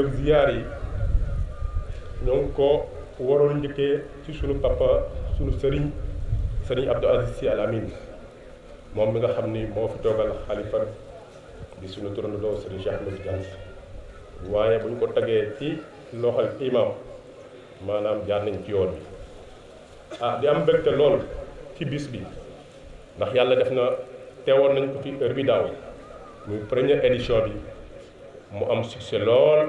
ak ziyaar yi ñoo ngi ko waroon njëkkee ci sunu papa sunu sëriñ sëriñ Abdou Aziz Sy Al Amine moom bi nga xam ni moo fi toogal xalifa di sunu turandoo sëriñ Cheikh Ahmadou Tidiane Sy waaye bu ko tegee ci loxol imam maanaam jaar nañ ci yoon bi ah di am mbégte lool ci bis bi ndax yàlla def na teewoon nañ ko fi heure bi daaw muy première édition bi mu am succès lool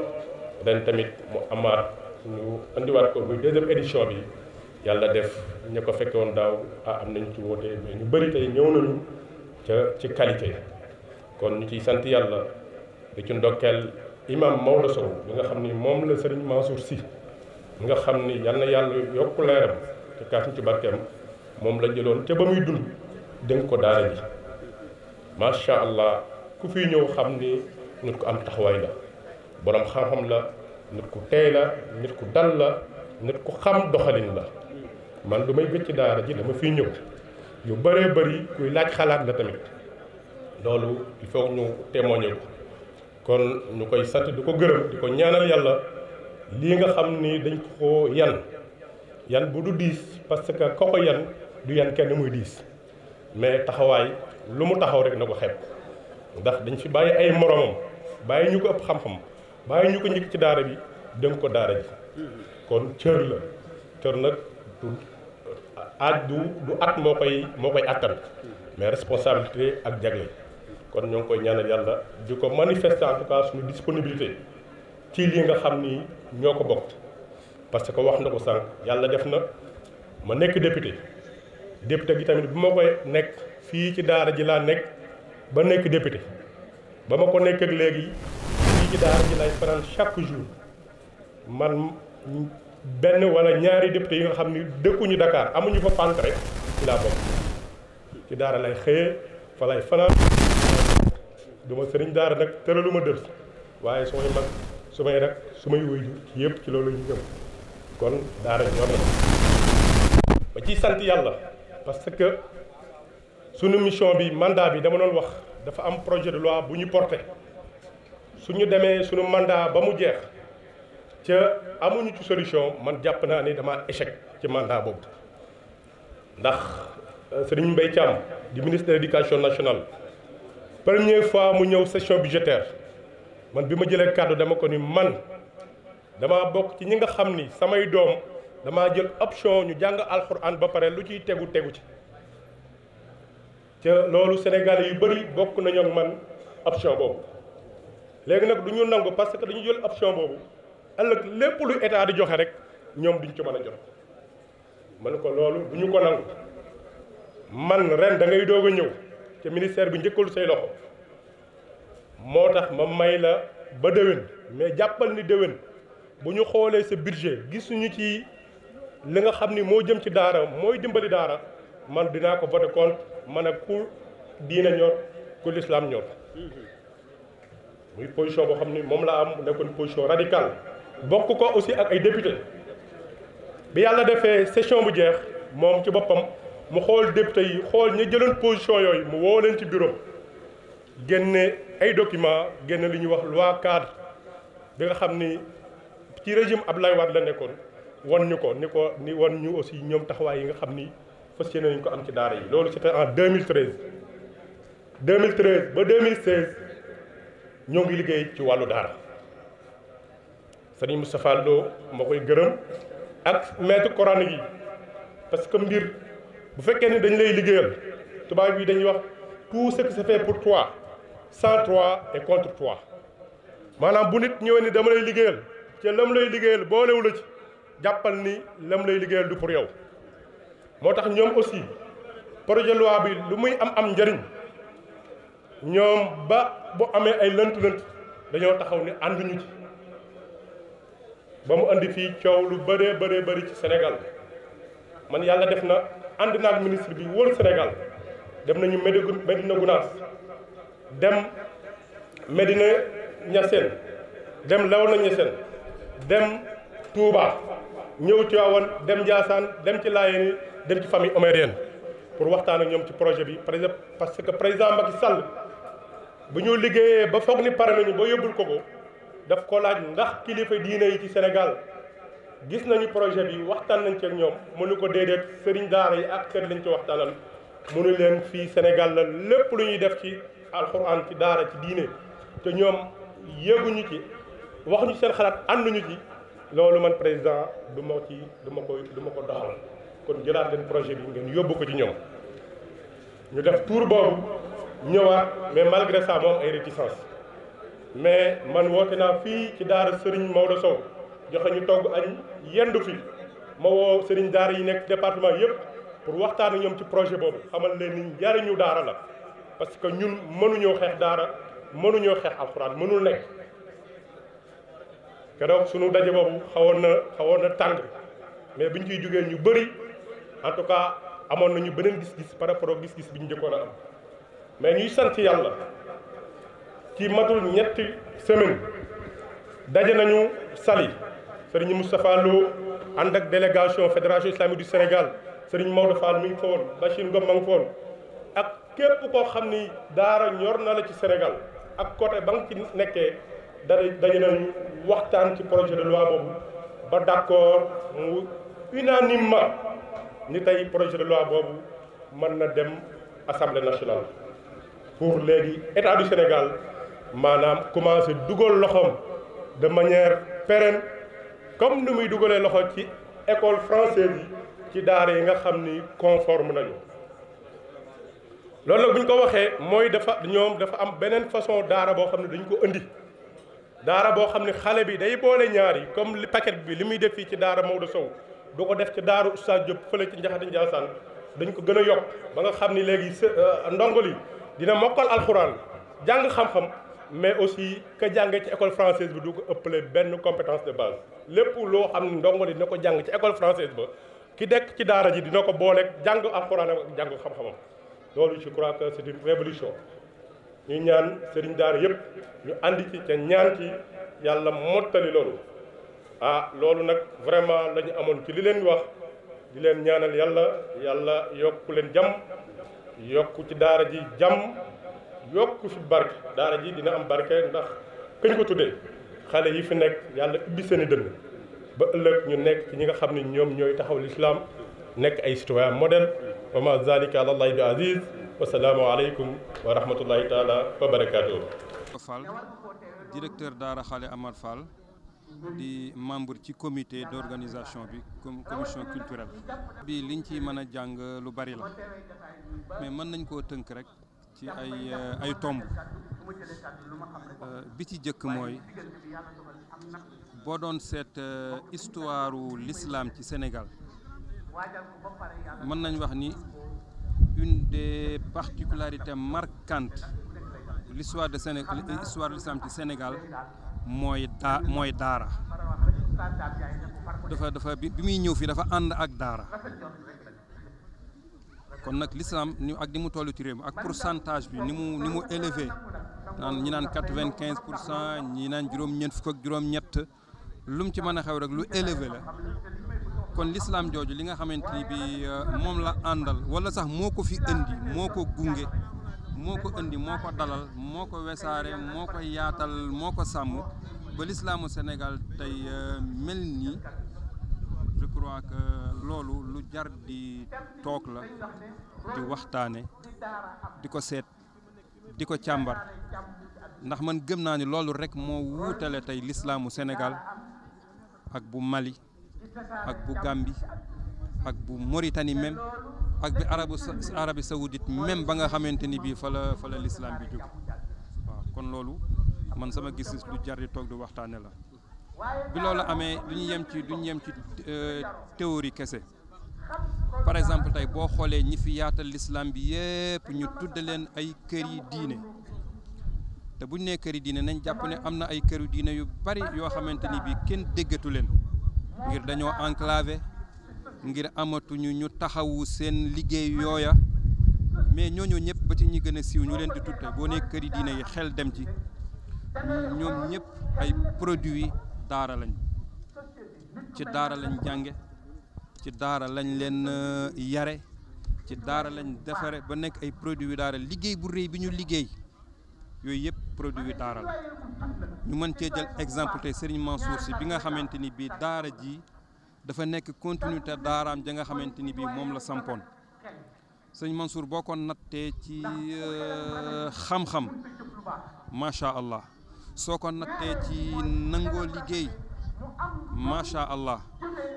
ren tamit mu amaat ñu indiwaat ko muy deuxième édition bi yàlla def ñu ko fekke woon daaw ah am na ñu ci woote mais ñu bëri tey ñëw nañu ca ci qualité kon ñu ciy sant yàlla di ci ndokkeel imam Maodo Sow bi nga xam ni moom la Serigne Mansour si mu nga xam ni yal na yàlla yokk leeram te kaas ñu ci barkeem moom la jëloon ca ba muy dund dénk ko daara ji macha allah ku fi ñëw xam ni nit ku am taxawaay la boroom xam-xam la nit ku teey la nit ku dal la nit ku xam doxalin la man lu may gëcc daara ji dama fii ñëw yu baree bëri kuy laaj xalaat la tamit loolu il faut ñu témoigner ko kon ñu koy sant du ko gërëm di ko ñaanal yàlla lii nga xam ni dañ ko yan yan bu du diis parce que ko ko yan du yan kenn muy diis mais taxawaay lu mu taxaw rek na ko xeeb ndax dañ fi bàyyi ay moromam bàyyi ñu ko ëpp xam-xam bàyyi ñu ko njëkk ci daara bi dénk ko daara ji kon cër la cër nag du aaj du du at moo koy moo koy attan mais responsabilité ak jagle kon ñoo ngi koy ñaanal yàlla di ko manifester en tout cas suñu disponibilité ci li nga xam ni ñoo ko bokk parce que wax na ko sànq yàlla def na ma nekk député député gi tamit bu ma koy nekk fii ci daara ji laa nekk ba nekk député ba ma ko nekk léegi fii ci daara wala ñaari député yi nga xam ni dëkkuñu dakaar amuñu fa pant rek ci laa bokk ci daara lay xëyee fa lay fanaan du ma sëriñ daara nag tëralu ma dër waaye su may mag su may rak su may wëy yëpp ci loolu ñu gëm kon daara ñor na ba ciy sant yàlla parce que sunu mission bi mandat bi dama doon wax dafa am projet de loi bu ñu porté suñu demee suñu mandat ba mu jeex ca amuñu ci solution man jàpp naa ni dama échec ci mandat boobu ndax euh, Serigne Mbaye Thiam di ministre de l'éducation nationale première fois mu ñëw session budgétaire man bi ma jëlee kàddu dama ko ni man dama bokk ci ñi nga xam ni samay doom dama jël option ñu jàng alxuraan ba pare lu ciy tegu tegu ci ca loolu sénégal yu bëri bokk nañu ak man option boobu léegi nag duñu nangu parce que dañu jël option boobu ëllëg lépp lu état di joxe rek ñoom duñu ci mën a jot man ko loolu du ñu ko nangu man ren da ngay doog ñëw te ministère bi njëkkalu say loxo moo tax ma may la ba déwén mais jàppal ni déwén bu ñu xoolee sa budget gisuñu ci li nga xam ni moo jëm ci daara mooy dimbali daara man dinaa ko voté contre man a ku diina ñor ku lislaam ñor muy position boo xam ni moom laa am nekkoon position radicale bokk ko aussi ak ay député bi yàlla defee session bu jeex moom ci boppam mu xool député yi xool ñu jëloon position yooyu mu woo leen ci bureau génne ay document génne li ñuy wax loi cadre bi nga xam ni ci régime Abdoulaye Wade la nekkoon wan ñu ko ni ko ni wan ñu aussi ñoom taxawaay yi nga xam ni fas yéene nañu ko am ci daar yi loolu c'était en 2013 2013 ba 2016 ñoo ngi liggéey ci wàllu daara sëriñ Moustapha doo moo koy gërëm ak maître coranique yi parce que mbir bu fekkee ni dañ lay liggéeyal tubaab yi dañuy wax tout ce qui pour toi sans toi et contre toi maanaam bu nit ñëwee ni dama lay liggéeyal ca lam lay liggéeyal boolewu la ci jàppal ni lam lay liggéeyal du pour yow moo tax ñoom aussi projet loi bi lu muy am am njariñ ñoom ba bu amee ay lënt-lënt dañoo taxaw ni ànduñu ci ba mu andi fii coow lu bëree bëree bëri ci Sénégal man yàlla def na ànd naag ministre bi wër Sénégal dem nañu Médina Gounass dem Médina Niassène dem Léona Niassène dem Touba. ñëw Tivaouane dem Ndiassane dem ci Layeen yi dem ci famille omérienne pour waxtaan ak ñoom ci projet bi par exemple parce que président Macky Sall bu ñu liggéeyee ba foog ni pare nañu ba yóbbul ko ko daf ko laaj ndax kilifa diine yi ci senegal gis nañu projet bi waxtaan nañ ci ak ñoom mënu ko déedéet sëriñ daara yi ak sëriñ lañ ci waxtaanal mënu leen fii Sénégal la lépp lu ñuy def ci alxuraan ci daara ci diine te ñoom yéeguñu ci waxuñu seen xalaat ànduñu ci. loolu man président du ma ci du ma ko du ma ko doxal kon jëlaat leen projet bi ngeen yóbbu ko ci ñoom ñu def tour boobu ñëwaat mais malgré ça moom ay réticence mais man woote naa fii ci daara Serigne Maodo Sow joxe ñu togg añ yendu fi ma woo Serigne daara yi nekk département yëpp pour waxtaan ñoom ci projet boobu xamal leen ni njariñu daara la parce que ñun mënuñoo xeex daara mënuñoo xeex alxuraan mënul nekk. keroog sunu daje boobu xawoon na xawoon na tàng mais biñ ciy jógee ñu bëri en tout cas amoon nañu beneen gis-gis par rapport ak gis-gis bi ñu njëkkoon a am mais ñuy sant yàlla ci matul ñetti semaine daje nañu Saly sëriñ Moustapha Lo ànd ak délégation fédération islamique du Sénégal sëriñ Maodo Fall mi ngi fa woon Bachir Ngom ma ak képp koo xam ni daara ñor na la ci Sénégal ak côté ba nga ci nekkee dara dañu nañu waxtaan ci projet de loi boobu ba d'accord mu ma ni tey projet de loi boobu mën na dem assemblée nationale pour léegi état du Sénégal maanaam commencer dugal loxoom de manière pérenne comme ni muy dugalee loxo ci école française yi ci daara yi nga xam ni conforme nañu loolu nag bu ñu ko waxee mooy dafa ñoom dafa am beneen façon daara boo xam ne dañu ko indi daara boo xam ne xale bi day boole ñaar yi comme li paquet bi li muy defi ci daara Maodo Sow du ko def ci daara Oustaz Diop fële ci Njaxate Njaasaan dañ ko gën a yokk ba nga xam ni léegi sa euh, ndongol yi dina mokkal alxuraan jàng xam-xam mais aussi ka jàngee ci école française bi du ko ëppale benn compétence de base lépp loo xam ne ndongol yi dina ko jàng ci école française ba ki dekk ci daara ji dina ko boole jàng alxuraan ak jàng xam-xamam loolu je crois que c'est une révolution ñu ñaan sëriñ daara yëpp ñu andi ci ca ñaan ci yàlla mottali loolu ah loolu nag vraiment lañu ñu amoon ci li leen wax di leen ñaanal yàlla yàlla yokk leen jàmm yokk ci daara ji jàmm yokku fi barke daara ji dina am barke ndax këñ ko tuddee xale yi fi nekk yàlla ubbi seeni i dënn ba ëllëg ñu nekk ci ñi nga xam ne ñoom ñooy taxaw lislaam nekk ay citoyen modèle wa ma zalika àlallahi bi aziz wasalaamu aleykum wa rahmatullahi taala wa barakaatu. Fall directeur Daara Xale Amar Fall di membre ci comité d'organisation bi comme commission culturelle. bi liñ ci mën a jàng lu bari la mais mën nañ koo tënk rek ci ay ay tomb euh, bi ci jëkk mooy boo doon seet euh, histoire l'islam ci Sénégal mën nañ wax ni. une des particularités marquantes de l'histoire de Sénégal l'histoire de Sénégal mooy daa mooy daara dafa dafa bi muy ñëw fii dafa ànd ak daara kon nag l'islam ni ak ni mu tollu ci réew mi ak pourcentage bi ni mu ni mu élevé naan ñi naan quatre-vingt-quinze pour cent ñi naan juróom-ñeent fukk ak juróom-ñett lu mu ci mën a xew rek lu élevé la kon lislaam jooju li nga xamante ni bi euh, moom la àndal wala sax moo ko fi indi moo ko gunge moo ko indi moo ko dalal moo ko wesaare moo ko yaatal moo ko sàmm ba lislaamu senegal tey euh, mel ni je loolu lu jar di toog la di waxtaane di ko seet di ko càmbar ndax man gëm naa ni loolu rek moo wuutale tey lislaamu senegal ak bu Mali ak bu Gambie ak bu Mauritanie même ak bi arabu Arabie Saoudite même ba nga xamante ni bii fa la fa la lislaam bi jóg waaw kon loolu man sama gis-gis lu jar toog du waxtaane la bi loolu amee du ñu yem ci du ñu yem ci euh, théorie kese par exemple tey boo xoolee ñi fi yaatal lislaam bi yépp ñu tudde leen ay kër diine te bu ñu nee kër yi diine nañ jàpp ne am na ay këru diine yu bari yoo xamante ni bii kenn déggatu leen ngir dañoo enclavé ngir amatuñu ñu taxawu seen liggéey yooya mais ñoo ñooñu ñëpp ba ci ñi gën a siiw ñu leen di tutte boo nee këri diine yi xel dem ci ñoom ñëpp ay produits daara lañ ci daara lañ jànge ci daara lañ leen euh, yare ci daara lañ defare ba nekk ay produits daara liggéey bu rëy bi ñu liggéey yooyu yëpp produit yu daara la ñu mën cee jël exemple tey Serigne Mansour si bi nga xamante ni bii daara ji dafa nekk continuité daaraam ja nga xamante ni bii moom la sampoon Serigne Mansour boo ko nattee ci euh, xam-xam macha allah soo ko nattee ci nangoo liggéey macha allah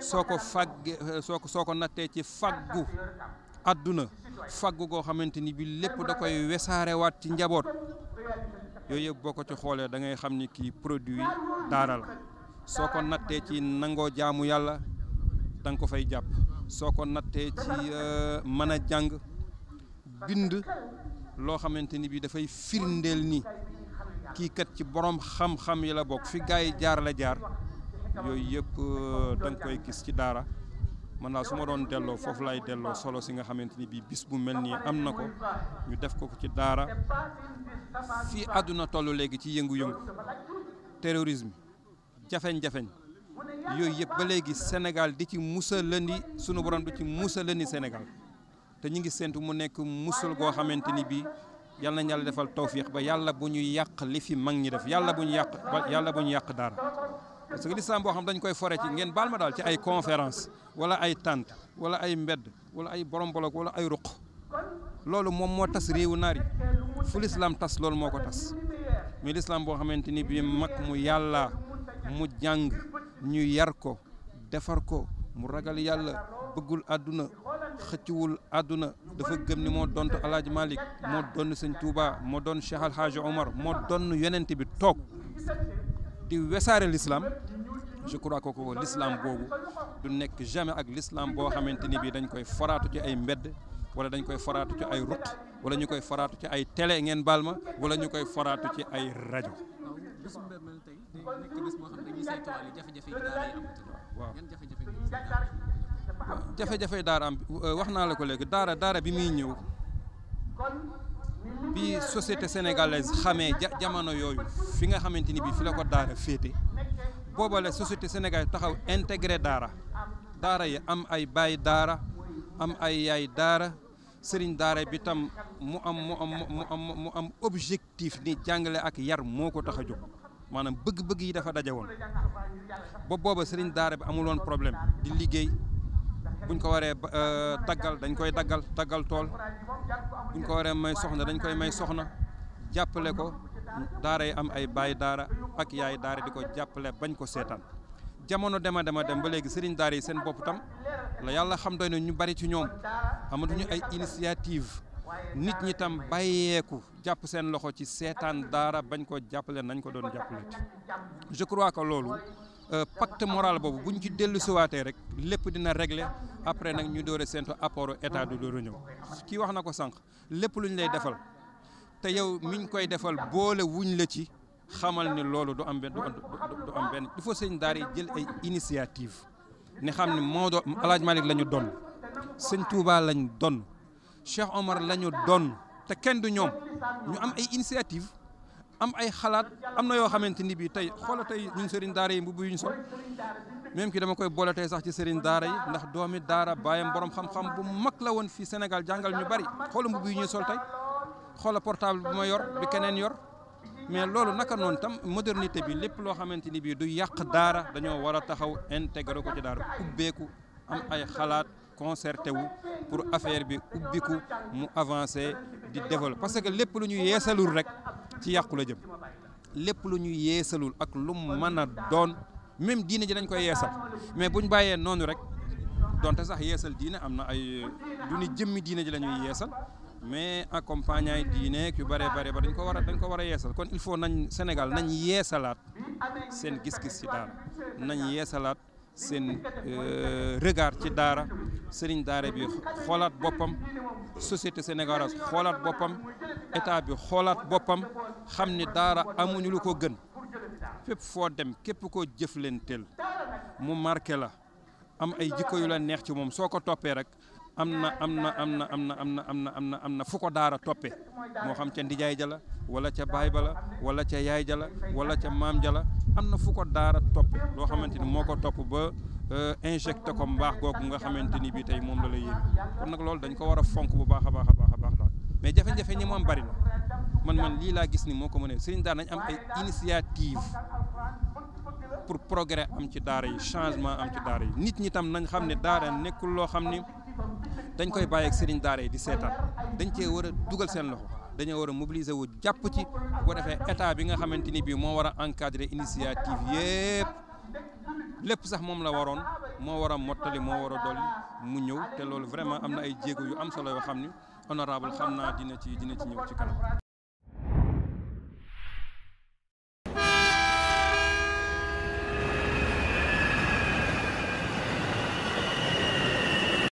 soo ko fàggee soo ko soo ko nattee ci faggu àdduna faggu goo xamante ni bi lépp da koy wesaarewaat ci njaboot yooyu yëpp boo ko ci xoolee da ngay xam ni kii produit daara la soo ko nattee ci nangoo jaamu yàlla da nga ko fay jàpp soo ko nattee ci euh, mën a jàng bind loo xamante ni bi dafay firndeel ni kii kat ci borom xam-xam yi la bokk fi gars yi jaar la jaar yooyu yëpp euh, da nga koy gis ci daara mën daal su ma doon delloo foofu laay delloo solo si nga xamante ni bii bis bu mel nii am na ko ñu def ko ci daara fii àdduna toll léegi ci yëngu-yëngu terrorisme jafeñ-jafeñ yooyu yëpp ba léegi senegal di ci musalandi sunu borom di ci musalandi senegal te ñu ngi séntu mu nekk musul goo xamante ni bii yàlla nañ yàlla defal tawfiix ba yàlla bu ñu yàq li fi mag ñi def yàlla bu ñu yàq yàlla bu ñu yàq daara parce que l'islam boo xam dañ koy fore ci ngeen baal ma daal ci ay conférence wala ay tànt wala ay mbedd wala ay borom bolog wala ay ruq loolu moom moo tas réewu naar yi fu l'islam tas loolu moo ko tas mais l'islam boo xamante ni bi mag mu yàlla mu jàng ñu yar ko defar ko mu ragal yàlla bëggul àdduna xëcciwul àdduna dafa gëm ni moo dontu alaaj Malick moo donn sëñ Touba moo doon Cheikh Alhaji Omar moo donn yonent bi toog di wesaare l'islam je crois que ko l'islam boobu du nekk jamais ak l'islam boo xamante ni bii dañ koy foraatu ci ay mbedd wala dañ koy foraatu ci ay route wala ñu koy foraatu ci ay tele ngeen baal ma wala ñu koy foraatu ci ay rajo. waaw jafe-jafe daara am wax naa la ko léegi daara daara bi muy ñëw. bi société sénégalaise xamee ja jamono yooyu fi nga xamante ni bii fi la ko daara féete booba la société sénégalaise taxaw intégré daara daara yi am ay baay daara am ay yaay daara sëriñ daara bi tam mu am mu am mu am mu objectif ni jàngale ak yar moo ko tax a jóg maanaam bëgg-bëgg yi dafa daje woon ba booba sëriñ daara bi amuloon problème di liggéey. buñ ko waree daggal euh, dañ koy daggal taggal tool buñ ko waree may soxna dañ koy may soxna jàppale ko daara yi am ay baay daara ak yaay daara di ko jàppale bañ ko seetaan jamono dema dema dem ba léegi sëriñ daara yi seen bopp tam la yàlla xam doy na ñu bari ci ñoom amatuñu ay initiative nit ñi tam bàyyeeku jàpp seen loxo ci seetaan daara bañ ko jàppale nañ ko doon jàppale je crois que loolu Euh, pacte moral boobu bu ñu ci dellu siwaatee rek lépp dina régler après nag ñu door a séntu apport état du door a ñëw kii wax na ko sànq lépp lu ñu lay defal te yow miñ koy defal boole wuñ la ci xamal ni loolu du am benn du am benn il faut sëñ daara yi jël ay initiative ni xam ne moo El Hadj Malick la ñu doon sëñ Touba lañ doon Cheikh Omar la ñu doon te kenn du ñoom ñu am ay initiative am ay xalaat am na yoo xamante ni bii tey xoola tey ñun sëriñ daara yi mbubb yuñ sol même ki dama koy boole tey sax ci sëriñ daara yi ndax doomi daara bàyyam boroom xam-xam bu mag la woon fii Sénégal jàngal ñu bari xoola mbubb yi ñuy sol tey xoola portable bi ma yor bi keneen yor mais loolu naka noonu tam modernité bi lépp loo xamante ni bii du yàq daara dañoo war a taxaw intégré ko ci daara ubbeeku am ay xalaat concerté wu pour affaire bi ubbiku mu avancé di développé parce que lépp lu ñu yeesalul rek ci yàqu la jëm lépp lu ñu yéesalul ak lu mën a doon même diine ji dañ koy yeesal mais buñ bàyyee noonu rek donte sax yeesal diine am na ay du ni jëmmi diine ji la ñuy yeesal mais accompagnant diine yu bëree bëri ba dañ ko war a dañ ko war a yeesal kon il faut nañ Sénégal nañ yeesalaat seen gis-gis ci daal nañ yéesalaat seen euh, regard ci daara sëriñ daara bi xoolaat boppam société sénégalaise xoolaat boppam état bi xoolaat boppam xam ni daara amuñu lu ko gën fépp foo dem képp koo jëflanteel mu marqué la am ay jikko yu la neex ci moom soo ko toppee rek am na am na am na am na am na am na am na am na fu ko daara toppee moo xam ca ndijaay jala wala ca baay bala wala ca yaay jala wala ca maam jala am na fu ko daara topp loo xamante ni moo ko topp ba euh, injecté ko mbaax googu nga xamante ni bii tey moom la la yéeme kon nag loolu dañ ko war a fonk bu baax a baax a baax a baax daal mais jafe-jafe ñi moom am bari man man lii laa gis ni moo ko mënee sëriñ daara nañ am ay initiative pour progrès am ci daara yi changement am ci daara yi nit ñi tam nañ xam ne daara nekkul loo xam ni dañ koy bàyyi ak sëriñ daara yi di seetaan dañ cee war a dugal seen loxo dañoo war a mobiliser wu jàpp ci bu defee état bi nga xamante ni bii moo war a encadrer initiative yëpp lépp sax moom la waroon moo war a mottali moo war a dolli mu ñëw te loolu vraiment am na ay jéego yu am solo yoo xam ni honorable xam naa dina ci dina ci ñëw ci kanam.